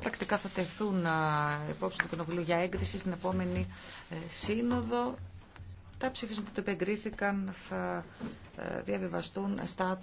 πρακτικά θα τεθούν υπόψη του Κοινοβουλίου για έγκριση στην επόμενη ε, σύνοδο. Τα ψηφίσματα που επεγκρίθηκαν θα ε, διαβιβαστούν στα